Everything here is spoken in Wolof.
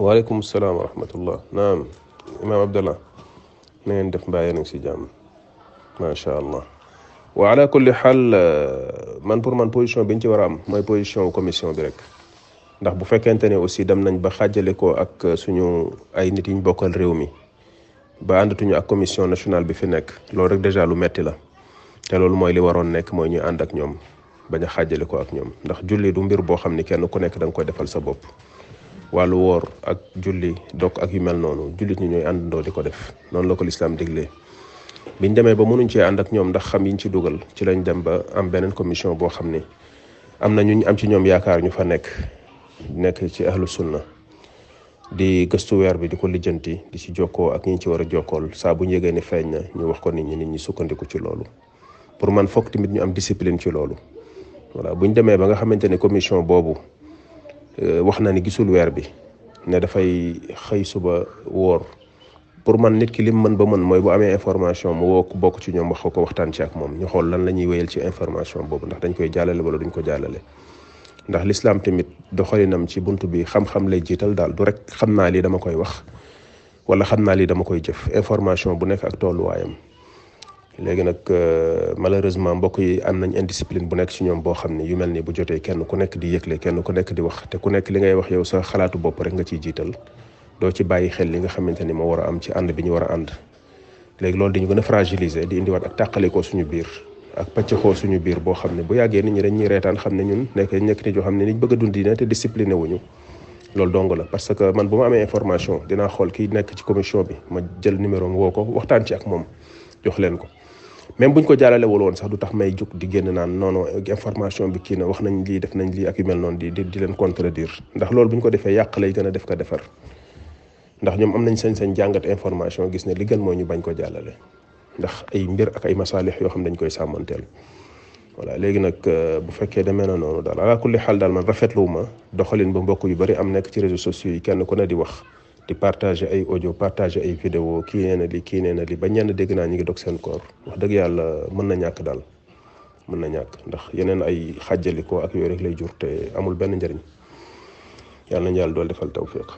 waaleykum salaam wa rahmatullah naam imaam abdallah na ngeen def mbaa yéen si jàmm macha allah wa ala kulli xaal man pour man position bi ñu ci war a am mooy position commission bi rek ndax bu fekkente ne aussi dem nañ ba xaajale ko ak suñu ay nit yi ñu bokkal réew mi ba àndatuñu ak commission nationale bi fi nekk loolu rek déjà lu metti la te loolu mooy li waroon nekk mooy ñu ànd ñoom bañ a xaajale ko ak ñoom ndax julli du mbir boo xam ni kenn ku nekk da nga koy defal sa bopp wàllu woor ak julli dokk ak yu mel noonu jullit ñi ñooy àndandoo di ko def noonu la ko lislaam diglee biñ demee ba mënuñ cee ànd ak ñoom ndax xam yiñ ci dugal ci lañ dem ba am beneen commission boo xam ni am na ñu am ci ñoom yaakaar ñu fa nekk nekk ci ahlu sunna di gëstu weer bi di ko lijjanti di ci jokkoo ak ñi ci war a jokkool saa bu ni feeñ na ñu wax ko nit ñi nit ñi sukkandiku ci loolu pour man foog tamit ñu am discipline ci loolu voilà bu ñu demee ba nga xamante ne commission boobu Euh, wax na ni gisul weer bi ne dafay xëy suba wóor pour man nit ki lim mën ba mën mooy bu amee information mu woo ko bokk ci ñoom wax ko waxtaan ci ak moom ñu xool lan la ñuy wéyal ci information boobu ndax dañ koy jàllale wala duñ ko jàllale. ndax lislaam tamit doxalinam ci bunt bi xam-xam lay jiital daal du rek xam naa lii dama koy wax wala xam naa lii dama koy jëf information bu nekk ak tolluwaayam. léegi nag euh, malheureusement mbokk yi am nañ indiscipline bu nekk ci ñoom boo xam ne yu mel ni bu jotee kenn ku nekk di yëgle kenn ku nekk di wax te ku nekk li ngay wax yow sa xalaatu bopp rek nga ciy jiital doo ci bàyyi xel li nga xamante ni moo war a am ci ànd bi ñu war a ànd léegi loolu dañu gën a fragiliser di indiwaat ak ko suñu biir ak pàccaxoo suñu biir boo xam ne bu yàggee ni ñi dañ ñuy reetaan xam ne ñun nekk nekk nit yoo xam ne niñ bëgg a dundi na te discipliné wuñu loolu dong la parce que man bu ma amee information dina xool kii nekk ci commission bi ma jël numéro woo ko waxtaan ci ak moom jox leen ko même buñ ko jaarale woon sax du tax may jóg di génn naan non information bi kii na wax nañ lii def nañ lii ak yu mel noonu di di leen contredire ndax loolu buñ ko defee yàq lay gën a def ko defar ndax ñoom am nañ sañ-sañ jàngat information gis ne li gën mooy ñu bañ ko jàllale ndax ay mbir ak ay masaalix yoo xam dañ koy sàmmanteel voilà léegi nag euh, bu fekkee demee na noonu daal ala kulli xaal daal man rafetluwu ma doxalin bu mbokk yu bari am nekk ci réseaux sociaux yi kenn ku ne di wax di partage ay ojo partager ay vidéo kii nee na li kii nee na li ba ñenn dégg naa ñu ngi dog seen koor wax dëgg yàlla mën na ñàkk daal mën na ñàkk ndax yeneen ay xàjjalikoo ak yooyu rek lay jur te amul benn njariñ yàlla nañu yàlla dool defal tawfiq